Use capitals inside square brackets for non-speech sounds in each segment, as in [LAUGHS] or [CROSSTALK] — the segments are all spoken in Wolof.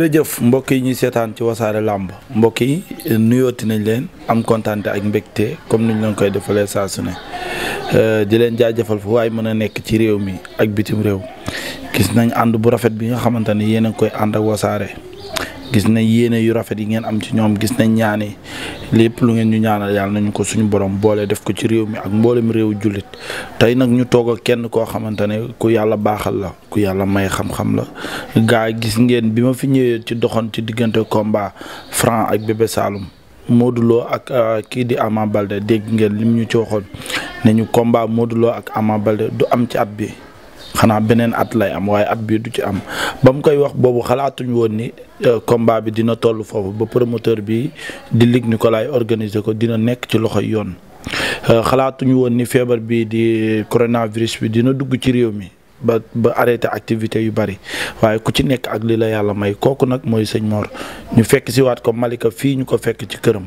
jërëjëf mbokk yi ñuy seetaan ci wasaare làmb mbokk yi nuyooti nañ leen am kontaan ak mbegte comme ni ñu leen koy defalee saa su ne euh, di leen jaajëfal fu waaye mën a nekk ci réew mi ak bitim réew gis nañ ànd bu rafet bi nga xamante ne yéen a koy ànd ak wasaare. gis nañ yéene yu rafet yi ngeen am ci ñoom gis nañ ñaani lépp lu ngeen ñu ñaanal yàlla nañu ko suñu borom boole def ko ci réew mi ak mboolem réew jullit tey nag ñu toog kenn koo xamante ne ku yàlla baaxal la ku yàlla may xam-xam la gaa gis ngeen bi ma fi ñëwee ci doxoon ci diggante komba Franc ak Bébé Saloum Modou ak euh, kii di Ama Balde dégg ngeen lim ñu ci waxoon ne ñu combat Modou ak Ama Balde du am ci at bi xanaa beneen at lay am waaye at bii du ci am ba mu koy wax boobu xalaatuñu woon ni euh, combat bi dina toll foofu ba promoteur bi di Luc Nicolaï organiser ko dina nekk ci loxo yoon euh, xalaatuñu woon ni feebar bii di coronavirus bi dina dugg ci réew mi ba ba arrêté activité yu bari waaye ku ci nekk ak li la yàlla may kooku nag mooy sëñ moor ñu fekk si waat ko Malika fii ñu ko fekk ci këram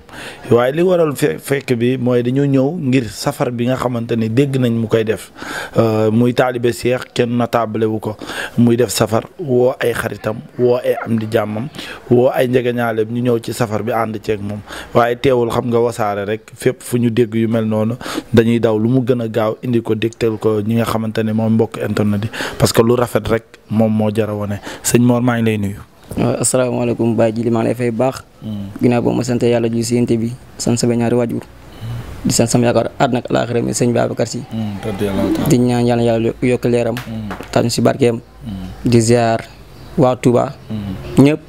waaye li waral fekk bi mooy dañu ñëw ngir safar bi nga xamante ni dégg nañ mu koy def euh, muy taalibe seex kenn nataable wu ko muy def safar woo ay xaritam woo ay am di jàmmam woo ay njegeñaaleem ñu ñëw ci safar bi ànd ceeg moom waaye teewul xam nga wasaare rek fépp fu ñu dégg yu mel noonu dañuy daw lu mu gën a gaaw indi ko dégtal ko ñi nga xamante ne moom mbokk internet parce que lu rafet rek moom moo jar a wane sëñ Mor maa ngi lay nuyu. waaw asalaamaaleykum baa ji maa lay fay baax. Hmm. ginnaaw boo ma sant yàlla ju si yéente bi sant sama ñaari waajur. Hmm. di sant sama yaakaar àdduna ak àllaaxira mi sëñ Babacar Si. Hmm, di yàlla yàlla yokk leeram. taal si barkeem. di ziar waa Touba. ñëpp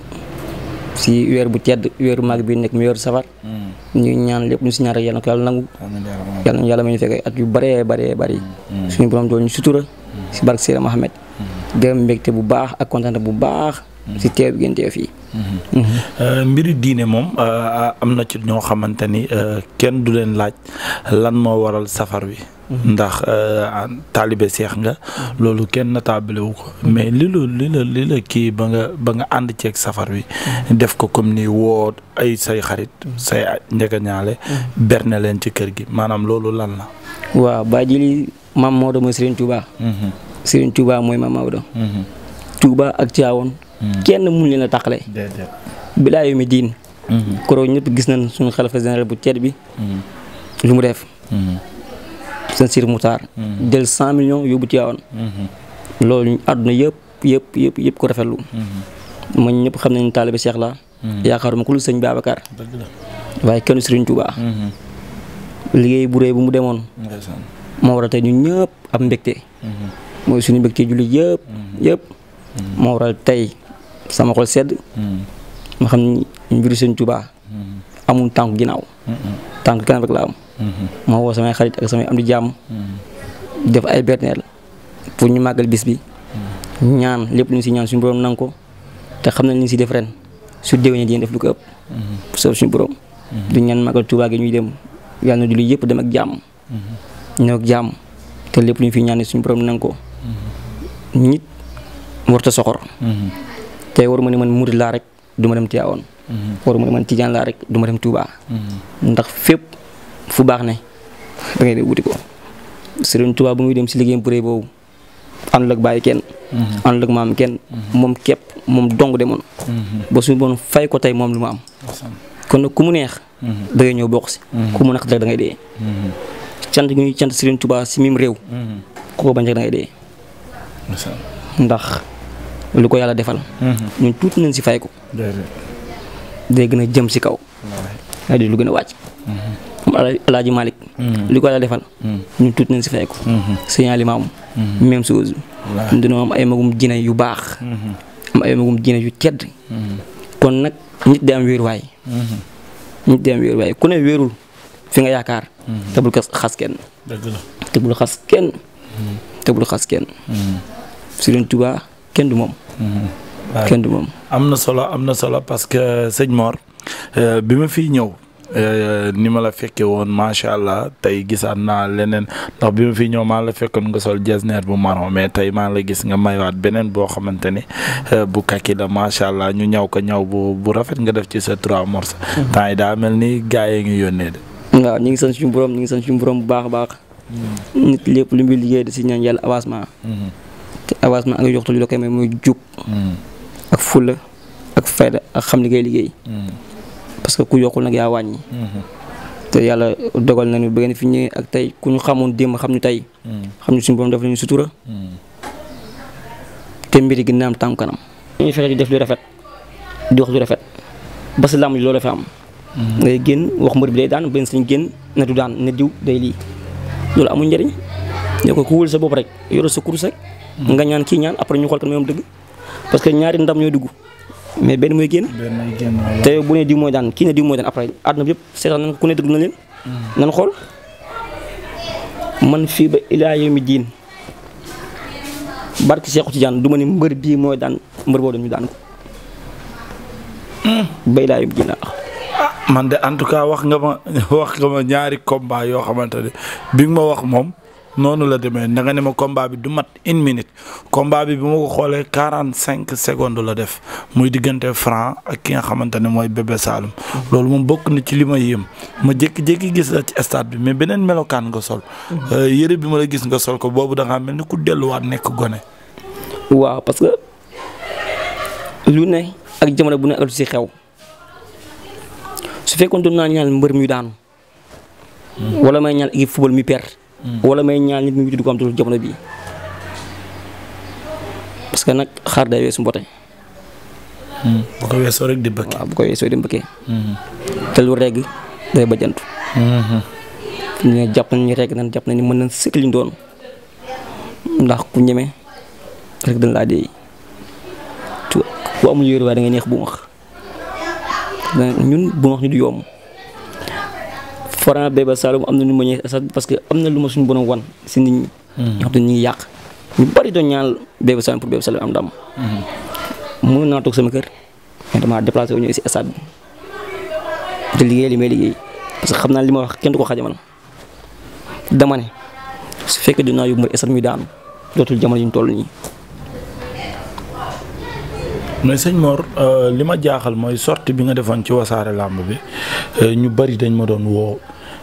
bu tedd weeru mag bi nekk mu weeru safar. ñaan lépp si ñaar yàlla na ñu fekkee at yu bëree bëree bëri. suñu borom doon ñu sutura. si barke Sira Mohamed. gërëm mbégte bu baax ak kontaan bu baax. si teew bi ngeen teew fii. Euh, mbiri diine moom euh, am na ci ñoo xamante ni euh, kenn du leen laaj lan moo waral safar wi. ndax taalibe seex nga loolu kenn nataabale wu ko mais li la li la kii ba nga ba nga ànd ceeg safar wi def ko comme ni woo ay say xarit say njëgañaale berne leen ci kër gi maanaam loolu lan la. waaw baa ji maam Maodo mooy Serigne Touba. Mhm. Serigne Touba mooy maam Maodo. Mhm. Touba ak Thiawane. Mhm. kenn mu leen a taqale. bilaa yu mi diin. koroo ñëpp gis nañ suñu xalifa général bu tedd bi. lu mu def. seen sir Moutar. jël cent millions yóbbu Thiawane. loolu àdduna yëpp yëpp ko rafetlu. man ñëpp xam nañu taalibe Cheikh la yaakaaruma ku lu sëñ Babacar. waaye kenn Serigne Touba. liggéey bu rëy bu mu demoon. moo waral tey ñun ñëpp am mbégte. Mhm. mooy suñu mbégte jullit yëpp. Mhm. yëpp mhm. moo waral tey sama xol sedd. ma xam ni mbiru sëñ Tuubaa amul tànk ginaaw tànk kanam rek la am. ma woo samay xarit ak samay am di jàmm. def ay berneel pour ñu màggal bis bi. ñaan lépp lu ñu si ñaan suñu borom nangu ko te xam nañ li ñu si def ren su déwénee di lu ko ëpp. soob ñaan màggal Tuubaa gi ñuy dem yàlla na jullit yëpp dem ak ñëw ak te lépp lu fi ñaanee suñu borom nanga ko nit warta soxor tey waru ma ne man murid laa rek du ma dem Tiwaawan waru ma ne man tijaan laa rek du ma dem Tuubaa ndax fépp fu baax ne da ngay dem wuti ko Sëriñ Tuubaa bu muy dem si liggéeyam bu rëy boobu àndul ak bàyyi kenn àndul kenn moom képp moom dong demoon ba suñu borom fay ko tey moom lu mu am kon nag ku mu neex da ngay ñëw bokk si ku mu naq rek dee cant gi ñuy cant Serigne Touba si mim réew. Mhm. ku ko bañ rek da ngay dee. ndax lu ko yàlla defal. Mhm. ñun tuuti nañ si fay ko. day gën a jëm si kaw. a wàcc. Mhm. am ay magum jine yu baax. am ay magum jine yu tedd. kon nag nit day am wéeruwaay. nit day am wéeruwaay ku ne wéerul fi nga yaakaar. te bul ko xas kenn. dëgg xas kenn. te bul xas kenn. du moom. kenn moom. am na solo am na solo parce que euh, sëñ Mor euh, bi ma fiy ñëw. Euh, ni ma la fekkee woon macha allah tey gis gisaat naa leneen ndax bi ma fi ñëw maa la fekkoon nga sol jasneer bu marron mais tey maa la gis nga maywaat beneen boo xamante ni bu kaki la macha allah ñu ñaw ko ñaw bu bu rafet nga def ci sa trois morceaux. Mm-hmm. temps yi daa mel ni gaa yee ngi yónnee de. waaw ñu ngi sant suñu borom ñu ngi sant suñu borom bu baax a baax. Hmm. nit lépp lu muy liggéey da si ñaan yàlla avancement. Hmm. te avancement ak yoxtu li la koy may mooy jub. Hmm. ak fulla ak fayda ak xam li ngay liggéey. parce que ku yokkul nag yaa wàññi. te yàlla dogal nañu ba ngeen fi ñëwee ak tey ku ñu xamoon démb xam ñu tey. xam ñu suñu borom def nañu sutura. te mbiri gën naa am tànk kanam. ñu fexe di def lu rafet di wax lu rafet ba si làmb loolu la am. ngay génn wax mbër bi day daan benn sañ génn na du daan ne diw day lii loolu amul njëriñ ñoo ko ku wóol sa bopp rek yoro sa kurus nga ñaan kii ñaan après ñu xool kan moom dëgg parce que ñaari ndam ñooy dugg mais benn mooy génn te bu ne diw mooy daan kii ne diw mooy daan après àdduna bi yëpp seetaan nan ku ne dëgg na leen mm. fii ba ilaa yomi diin barke Seexu Tijaan du ma ni mbër bii mooy daan mbër boobu dañu daan ko mm. ba ilaa yomi diin laa ah man de en tout cas wax nga ma [LAUGHS] wax nga ma ñaari combat yoo xamante ne bi ma wax moom noonu la demee da nga ne ma combat bi du mat une minute combat bi bi ma ko xoolee quarante cinq secondes la def muy diggante franc ak ki nga xamante ne mooy bébé Saloum loolu moom bokk na ci li ma yéem ma jékki-jékki gis la ci stade bi mais beneen melokaan nga sol euh, yére bi ma la gis nga sol ko boobu da mel ni ku delluwaat nekk gone. waaw parce que lu ne ak jamono bu ne ak si xew. su fekkoon doon naa ñaanal mbër mi daanu. wala may ñaanal équipe football mi perte. wala may ñaanal nit mi wuti du ko am tuuti jamono bii. parce que nag xaar day weesu mbote. bu ko weesoo rek di bëkkee. Mhm. te lu regg day bëjantu. Mhm. fi ñu jàpp nañ ni regg nañ mën nañ sëkk liñ doon ndax ku ñeme rek dañ neex bu mu ñun bu wax ñu du yomb Franc Bébé Saloum am na ñu ma ñëw asad parce que am na lu ma suñu borom wan si nit ñi. Mm-hmm. ñoo xam ne ñu ngi yàq ñu bari doon ñaanal Bébé Saloum pour Bébé Saloum am ndam. Mm-hmm. mënoon sama kër mais damaa déplacé wu ñu que xam naa li ma wax kenn du ko xajamal dama ne su fekkee dinaa yóbbu mooy asad muy daanu dootul jamono yu ñu toll nii. mais sëñ Mor euh, li ma jaaxal mooy sortie bi nga defoon ci wasaare làmb bi euh, ñu bari dañ ma doon woo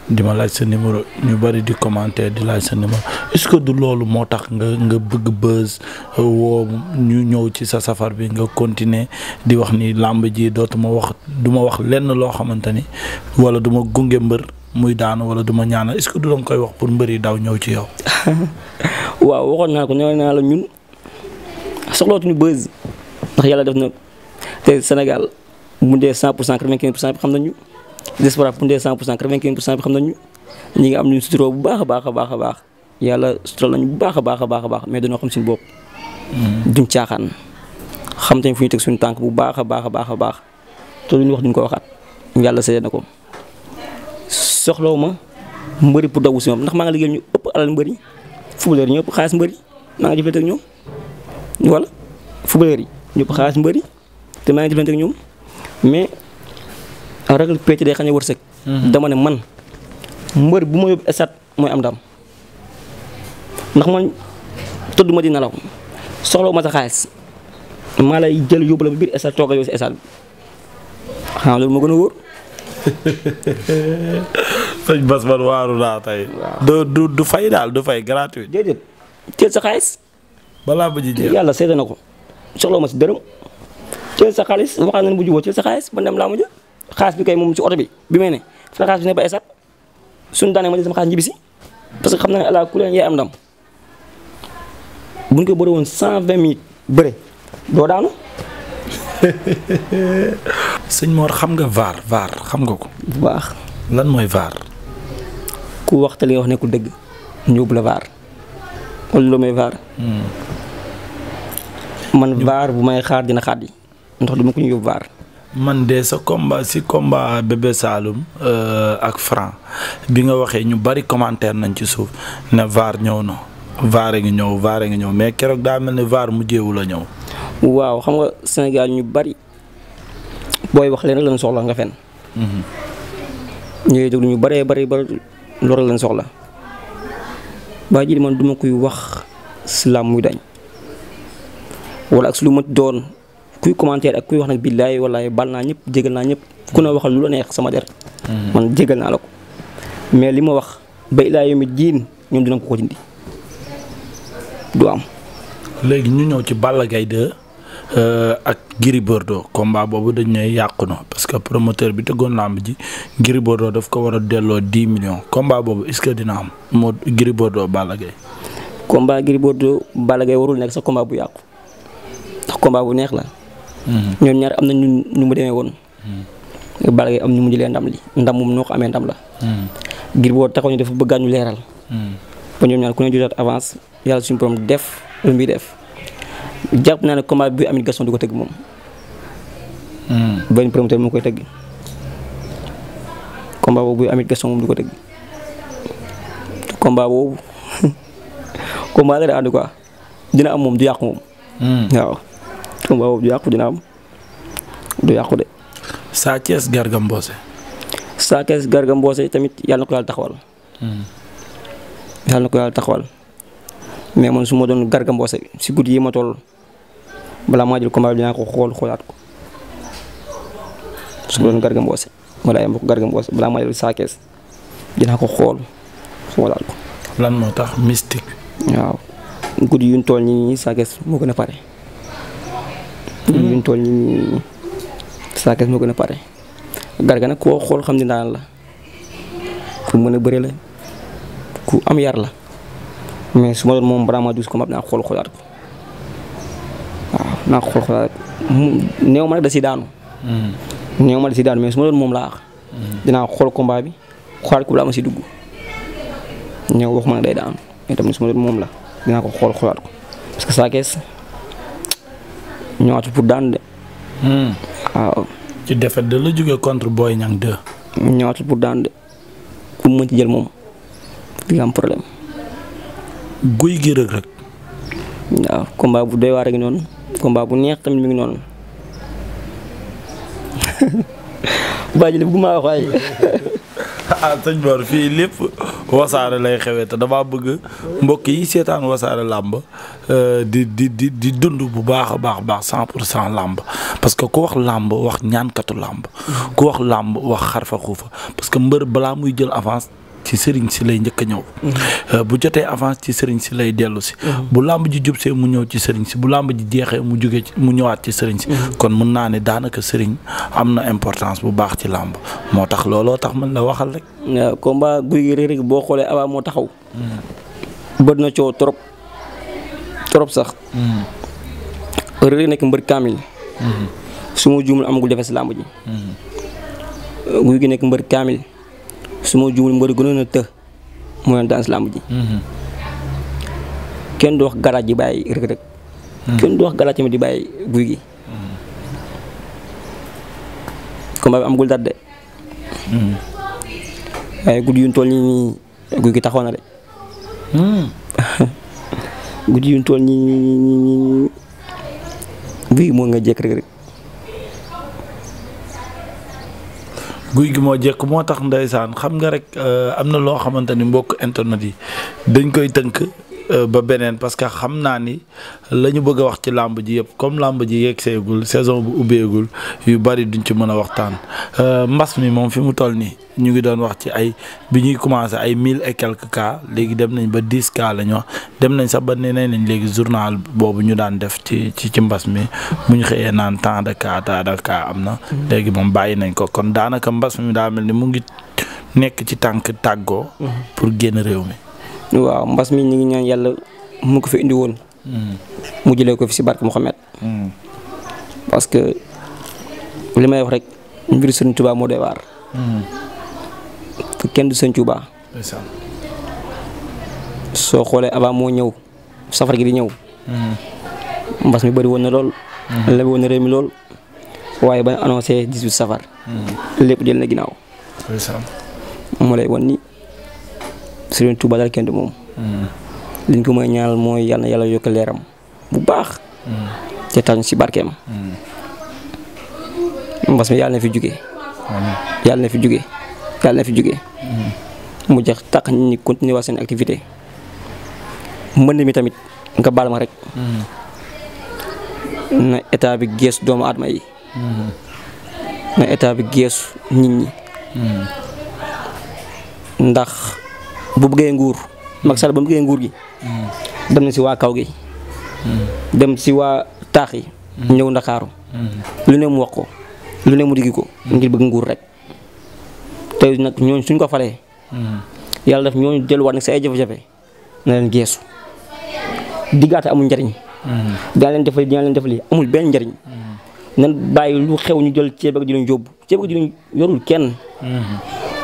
di ma laaj sa numéro ñu bari di commenter di laaj sa numéro est-ce que du loolu moo tax nga nga bëgg buzz euh, woo ñu ñëw ci sa safar bi nga continuer di wax ni làmb ji dootuma wax du ma wax lenn loo xamante ni wala ma gunge mbër muy daanu wala ma ñaanal est-ce que du doon koy wax pour mbër yi daw ñëw ci yow. [LAUGHS] waaw waxoon naa ko nee naa la ñun soxlootuñu ndax yàlla def na te Sénégal bu dee 100 pour cent 95 pour cent xam nañu diaspora bu dee 100 pour cent 95 pour cent bi xam nañu ñi ngi am nu suturoo bu baax a baax a baax baax yàlla sutural nañu bu baax a baax a baax a baax mais dañoo xam suñu bopp. Hmm. duñ caaxaan xam tañ fu ñu teg suñu tànk bu baax a baax a baax a baax te lu ñu wax duñ ko waxaat yàlla seede na ko soxlaw ma mbëri pour daw si moom ndax maa ngi liggéeyal ñu ëpp alal mbëri footballeur ñëpp xaalis mbëri maa ngi jëflante ak ñoom yi. ñëpp xaalis mbëri te maa ngi jëfante ak ñoom mais ragal pecc day xam ne wërsëg. Mhm. dama ne man mbër bu ma yóbbu esat mooy am dam ndax man tëdd ma di nelaw soxla ma sa xaalis maa lay jël yóbbu la ba biir esat toogal yow si esat bi xam loolu moo gën a wóor. [LAUGHS] sëñ Bas man waaru naa tey. du du du fay daal du fay gratuit. déedéet sa xaalis. balaa ba ji yàlla seede na ko. soxla ma si dërëm jël sa xaalis waxaan nañ bu jubóo jël sa xaalis ba dem laa ma jël xaalis kay moom si bi bi may ne fa xaalis ne ba esat suñu daanee ma jël sama xaalis ñibbi si parce que xam naa ne ala ku leen yaay am ndam buñ ko bëri woon cent vingt mille bëre doo daanu. [LAUGHS] sëñ Mor xam nga vaar vaar xam nga ko. bu baax lan mooy vaar. ku waxta li nga wax nekkul dëgg ñu yóbbu la vaar wala lu may vaar. Hmm. man vaar bu may xaar dina xaddi ndax du ma ko ñu yóbbu vaar. man de sa combat si combat Bébé Saloum euh, ak Franc bi nga waxee ñu bari commentaire nañ ci suuf ne vaar ñëw na vaar ngi ñëw vaar ngi ñëw mais keroog daa mel ni vaar mujjeewu ñëw. waaw xam nga Sénégal ñu bari booy wax leen rek lañ soxla nga fen mhm. ñooy déglu ñu baree bari ba loolu lañ soxla. baa ji man duma koy wax si làmb muy dañ. wala ak su lu mën doon kuy commentaire ak kuy wax nag billaay wallaay bal naa ñëpp jégal naa ñëpp ku ne waxal lu la neex sama der mhm. man jégal naa la ko mais li ma wax ba ilaa yomi jiin ñoom dinañ ko ko dindi du am léegi ñu ñëw ci Balla Gaye euh, ak Gris Bordeaux combat boobu dañ ne yàqu na parce que promoteur bi tëggoon am ji Gris Bordeaux daf ko war a delloo 10 million combat boobu est-ce que dina am moo Gris Bordeaux Balla Gaye combat Gris Bordeaux Balla warul nekk sa combat bu yàqu combat bu neex la. ñoom ñaar am na ñu nu mu demee woon. Balla Gaye am ñu mu jëlee ndam li ndam moom noo ko amee ndam la. ngir boo taxaw ñu dafa bëgg ñu leeral. ba ñoom ñaar ku ne jotaat avance yàlla suñu borom def lu muy def jàpp naa ne combat bi amit Gaston du ko tëgg moom. benn koy tëgg. combat boobu amit du ko tëgg. combat [LAUGHS] la daa ànd quoi dina am moom du yàqu moom. Hmm. waaw. combat [LAUGHS] boobu du yàqu dina am du yàqu de. Sa Garga Mbossé. Sa Garga Mbossé tamit yàlla na ko yàlla taxawal. Hmm. yàlla taxawal mais man su ma doon Garga Mbossé si guddi yi ma toll balaa maa jël xool xoolaat ko su ma doon Garga Mbossé ma daay ma ko Garga Mbossé balaa maa jël Sa dinaa ko xool xoolaat ko. lan moo tax mystique. waaw guddi yu ñu toll nii Sa Thiès moo gën a pare. fi ñu toll nii Sa Thiès moo gën a pare. Garga nag koo xool xam ne daan la pour mën a bëre la ku am yar la mais su ma doon moom balaa ko ma naa xool xoolaat ko waaw naa ma nag da si daanu. Hmm. néew ma da si daanu mais su ma doon moom laa hmm. dinaa xool combat bi xoolaat ko balaa ma si dugg ma doon la dinaa ko xool xoolaat ko parce que Sa ñëwaat pour daan de. Hmm. waaw. ci défaite de la jógee contre Boy Niang 2. ñëwaat pour daan de ku mu mën jël moom di nga am problème. guy gi rëg rëg. waaw combat bu doy waar rek noonu combat bu neex tamit mi ngi noonu. [LAUGHS] bàyyi lépp gu wax waaye. [LAUGHS] ah sëñ fii lépp. wasaare lay xewee te damaa bëgg mbokk yi seetaan wasaare làmb euh, di di di di dund bu baax a baax baax cent pour cent làmb parce que ku wax làmb wax ñaankatu làmb mm-hmm. ku wax làmb wax xarfa xuufa parce que mbër balaa muy jël avance ci sëriñ si lay njëkk a ñëw. Mm-hmm. bu jotee avance ci sëriñ si lay mm-hmm. dellusi bu làmb ji jub see mu ñëw ci sëriñ si bu làmb ji jeexee mu jugee ci mu ñëwaat ci sëriñ si. Mm-hmm. kon mën naa ne daanaka sëriñ am na importance bu baax ci làmb moo tax looloo tax man la waxal rek. waaw combat guy boo xoolee avant moo taxaw. Mm. bët na coow trop trop sax. Mm. rek nekk mbër kaamil. su ma juumul amagul defee si làmb ji. guy gi nekk mbër kaamil. su ma juumul mbër gënoon a të mu doon dans làmb ji. kenn du wax galaaj di bàyyi rek rek. kenn du wax galaaj tamit di bàyyi guy gi. combat bi amagul date de. waaye guddi yu ñu toll nii guy gi taxaw na de. guddi yu ñu toll nii guy moo nga jekk rek rek. guy gi moo jekk moo tax ndeysaan xam nga rek euh, am na loo xamante ni mbokk internet yi dañ koy tënk Euh, ba beneen parce que xam naa ni la ñu bëgg a wax ci làmb ji yëpp comme làmb ji yeggseegul saison bu ubbeegul yu bari duñ ci mën a waxtaan euh, mbas mi moom fi mu toll nii ñu ngi doon wax ci ay bi ñuy commencé ay mille et quelques cas léegi dem nañ ba dix cas la ñu wax dem nañ sax ba nee nañ léegi journal boobu ñu daan def ci ci ci mbas mi bu ñu xëyee naan temps de cas tant de cas am na. Mm-hmm. léegi moom bàyyi nañ ko kon daanaka mbas mi daa mel ni mu ngi nekk ci tànk tàggoo. Mm-hmm. génn réew mi. waaw mbas mi ñu ngi ñaan yàlla mu ko fi indi woon. Hmm. mu jëlee ko fi si barke Mouhamed. Hmm. parce que li may wax rek mbir Sëñ Tuubaa moo doy waar. Hmm. kenn du Sëñ Tuubaa. soo xoolee avant moo ñëw safar gi di ñëw. mbas mi bëri woon na lool. lebi woon na réew mi lool. waaye ba annoncé 18 safar. lépp jël na ginnaaw. mu lay wan ni. Serigne Touba daal kenn du moom. Hmm. liñ ko may ñaanal mooy yal yàlla yokk leeram bu baax. Hmm. te tax ñu si barkeem. Hmm. mbas mi yàlla na fi jugee. yàlla na fi jugee yàlla na fi jugee. mu jax tax ñi continuer seen activité mbënd mi tamit nga baal ma rek. na état bi gees doomu aadama yi. na état bi gees nit ñi. ndax. bu bëggee nguur Macky Sall ba mu nguur gi mm. dem na si waa kaw gi mm. dem si waa taax yi mm. ñëw ndakaaru lu ne mu wax ko lu ne mu diggi ko ngir bëgg nguur rek te nag ñooñ suñ ko falee yàlla daf ñooñu delluwaat nag si ay jafe-jafe na leen geesu diggaate amul njariñ dinaa leen defali dinaa leen defali amul benn njariñ nan bàyyi lu xew ñu jël ceeb ak di leen ceeb ak di yorul kenn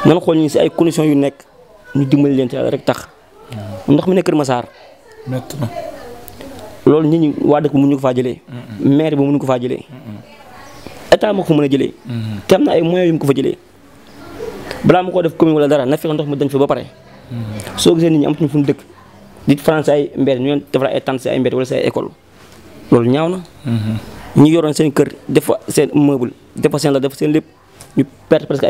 nan xool ñi si ay conditions yu nekk ñu dimbali leen ci yàlla rek tax. ndox mi ne Kër Massar. métti loolu nit ñi waa dëkk mënuñu ko faa jëlee. maire bi mënuñu ko faa jëlee. état moo ko mën a jëlee. te am na ay moyens yu mu ko fa jëlee. balaa ma koo def commune wala dara na fexe ndox mi dañ fa ba pare. soo gisee nit ñi amatuñu fu mu dëkk. di faral ay mbedd ñu leen defal ay tànn si ay mbedd wala si ay école. loolu ñaaw na. ñu yoroon seen kër def fa seen meuble def fa seen la def fa seen lépp ñu perte presque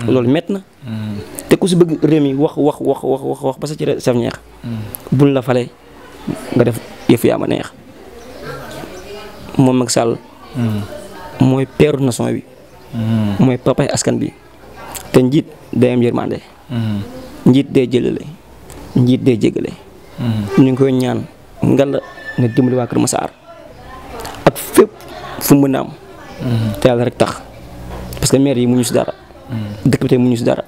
Mm. loolu mett na. Mm. te ku si bëgg réew mi wax wax wax wax wax wax ba sa ci saf ñeex. Mm. buñ la falee nga def yëf yaa ma neex moom Macky Sall. mooy peeru nason bi. mooy papay askan bi te njiit day am yërmande. njiit day jëlale njiit day jégale. ñu ngi koy ñaan ngalla nga dimbali waa Kër Massar ak fépp fu mën a am. te yàlla rek tax parce que maire yi mu ñu dara. dëkk bi tey mënuñu si dara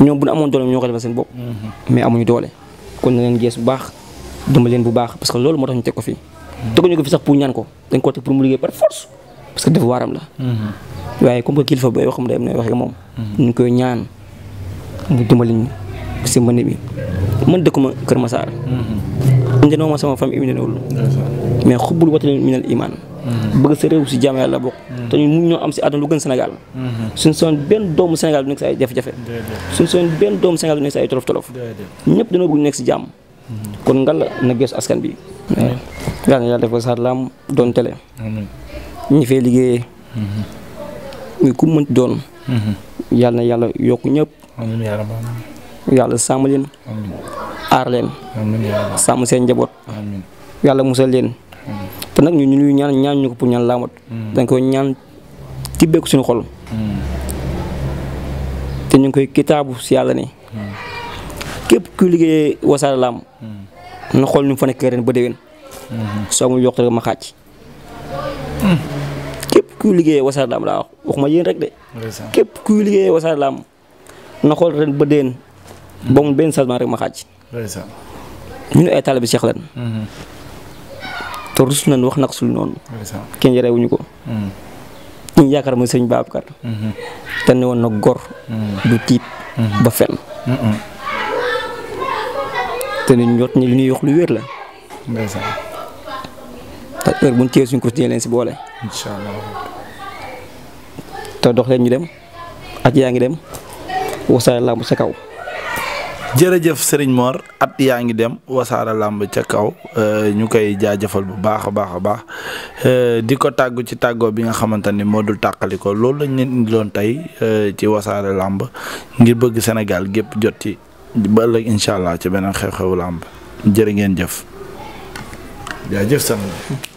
ñoom bu ñu amoon doole ñoo ko defal seen bopp. Mhm. mais amuñu doole kon na leen gees bu baax dimbali leen bu baax parce que loolu moo tax ñu teg ko fi. Mhm. teguñu ko fi sax pour ñaan ko dañ ko teg pour mu liggéey par force parce que def waaram la. Mhm. waaye comme que kilifa bay wax mu na wax ak moom. ñu koy ñaan mu dimbali ñu si mbënd bi man dëkkuma Kër Massar. ndenoo ma sama famille indi mais xubbul wataleen minal iman bëgg sa te ñu mun ñoo am si àdduna lu gën Sénégal mhm. suñ soon benn doomu Sénégal du nekk si ay jafe-jafe suñ soon benn doomu Sénégal du nekk si ay tolof-tolof ñëpp dañoo bëgg nekk si jàmm mhm. kon ngal eh, na yàlla def ko sax doon télé ñi fay liggéeyee mhm. muy ku mënti doon yàlla yàlla yokk ñëpp yàlla sàmm leen aar leen sàmm seen njaboot yàlla musal leen te nag ñu ñu ñaan ñaan ñu ko pour ñaan laamat mm. dañ ko ñaan tibbee ko suñu xol mm. te ñu ngi koy kitaabu si yàlla ne mm. képp ku liggéeyee wasaare xool ñu mu ba déwén mm-hmm. yokk rek ma xaaj képp kuy liggéeyee wasaare laam képp kuy liggéeyee wasaare laam na xool ren ba déwén ba mu benn changement rek ma xaaj ñu ne ay taalibe Cheikh lan mm-hmm. te rus nañ wax nag sul noonu. kenn yarewuñu ko. Hmm. ñu yaakaar mooy sëñ Babacar. Hmm. te ne woon na gor. Hmm. du tiit. ba fenn. te ñun ñoot ñi li ñuy wax lu wér la. ndeysaan. te heure bu ñu téye suñ ko dina leen si boole. incha te dox leen ñu dem. ak yaa ngi dem. wasaare làmb sa kaw. jërëjëf Serigne Mor at yaa ngi dem wasaara làmb ca kaw euh, ñu koy jaajëfal bu baax a baax a baax euh, di ko tàggu ci tàggoo bi nga xamante ni moo dul tàqaliko loolu lañ leen indiloon tey euh, ci wasaara làmb ngir bëgg Sénégal gépp jot ci ba ëllëg incha allah ci beneen xew xew làmb jërë ngeen jëf. jaajëf sama